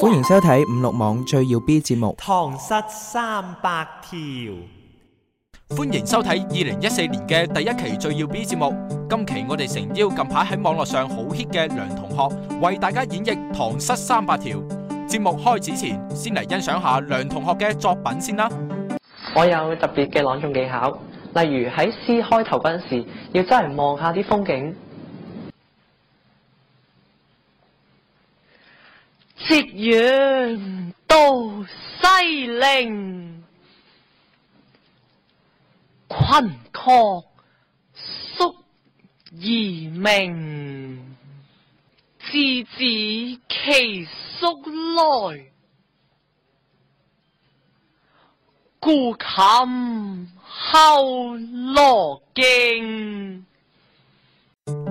歡迎收睇《五六網最耀 B 節目》。塘鯴三百條。歡迎收睇二零一四年嘅第一期最耀 B 節目。今期我哋誠邀近排喺網絡上好 hit 嘅梁同學為大家演繹《塘鯴三百條》。節目開始前，先嚟欣賞下梁同學嘅作品先啦。我有特別嘅朗誦技巧，例如喺詩開頭嗰陣時，要真係望下啲風景。夕陽到西嶺，群壑倏而明。之子其宿來，故琴候蘿徑。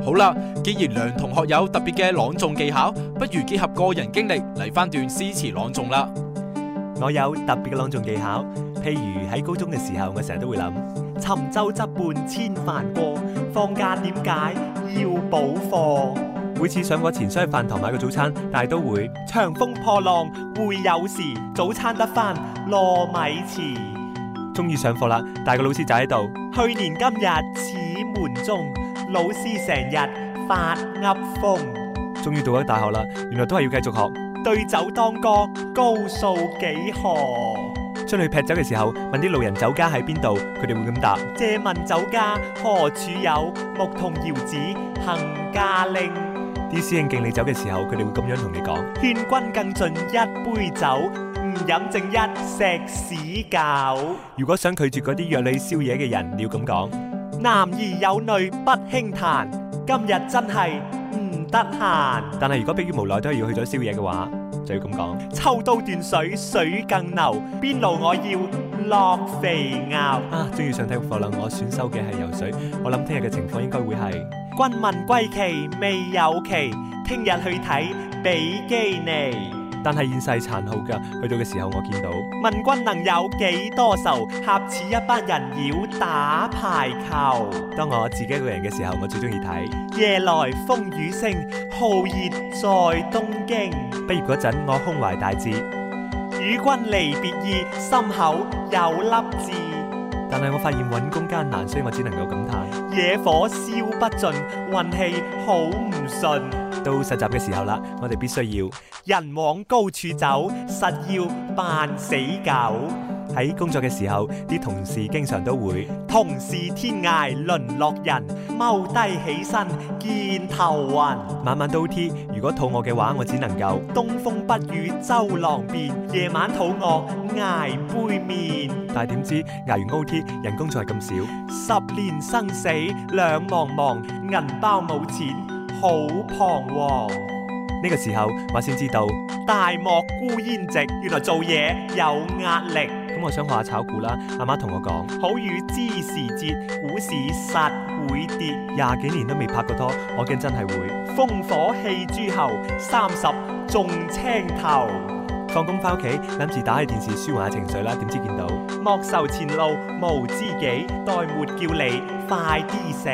好啦，既然梁同學有特別嘅朗誦技巧，不如結合個人經歷嚟翻段詩詞朗誦啦。我有特別嘅朗誦技巧，譬如喺高中嘅時候，我成日都會諗：沉舟側畔千帆過，放假點解要補課？每次上課前先去飯堂買個早餐，但係都會長風破浪會有時，早餐得翻糯米糍。中意上課啦，但係個老師就喺度。去年今日此門中。老師成日發噏風，終於到咗大學啦，原來都係要繼續學。對酒當歌，高數幾何？出去劈酒嘅時候，問啲路人酒家喺邊度，佢哋會咁答。借問酒家何處有？牧童遙指行家嶺。啲師兄敬你酒嘅時候，佢哋會咁樣同你講。勸君更盡一杯酒，唔飲正一石屎狗。如果想拒絕嗰啲約你宵夜嘅人，你要咁講。男兒有淚不輕彈，今日真係唔得閒。但係如果迫於無奈都係要去咗宵夜嘅話，就要咁講。抽刀斷水，水更流。邊爐我要落肥牛。啊，終於上體育課啦！我選修嘅係游水，我諗聽日嘅情況應該會係。君問歸期未有期，聽日去睇比基尼。但係現世殘酷㗎，去到嘅時候我見到。問君能有幾多愁？恰似一班人妖打排球。當我自己一個人嘅時候，我最中意睇。夜來風雨聲，豪熱在東京。畢業嗰陣，我胸懷大志。與君離別意，心口有粒痣。但係我發現揾工艱難，所以我只能夠感嘆野火燒不盡，運氣好唔順。到實習嘅時候啦，我哋必須要人往高處走，實要扮死狗。喺工作嘅時候，啲同事經常都會同是天涯淪落人，踎低起身見頭暈。晚晚都 O T，如果肚餓嘅話，我只能夠東風不與周郎便，夜晚肚餓挨杯麵。但係點知挨完 O T，人工仲係咁少。十年生死兩茫茫，銀包冇錢好彷徨。呢個時候我先知道大漠孤煙直，原來做嘢有壓力。咁、嗯、我想學下炒股啦，阿媽同我講：好雨知時節，股市實會跌。廿幾年都未拍過拖，我驚真係會烽火戲諸侯。三十仲青頭，放工翻屋企諗住打開電視舒緩下情緒啦，點知見到莫愁前路無知己，待活叫你快啲死。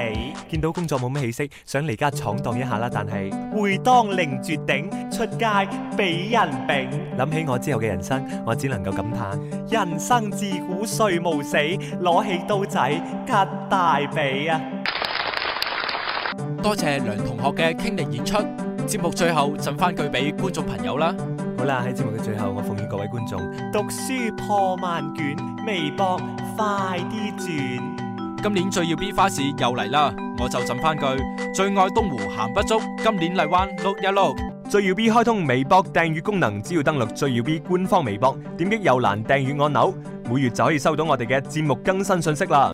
見到工作冇咩氣息，想離家闖蕩一下啦，但係會當凌絕頂。出街俾人柄，諗起我之後嘅人生，我只能夠感嘆：人生自古誰無死，攞起刀仔 cut 大髀啊！多謝梁同學嘅傾力演出，節目最後贈翻句俾觀眾朋友啦。好啦，喺節目嘅最後，我奉勸各位觀眾：讀書破萬卷，微博快啲轉。今年最耀 B 花市又嚟啦，我就贈翻句：最愛東湖行不足，今年荔灣碌一碌。最耀 B 開通微博訂閱功能，只要登錄最耀 B 官方微博，點擊右欄訂閱按鈕，每月就可以收到我哋嘅節目更新信息啦。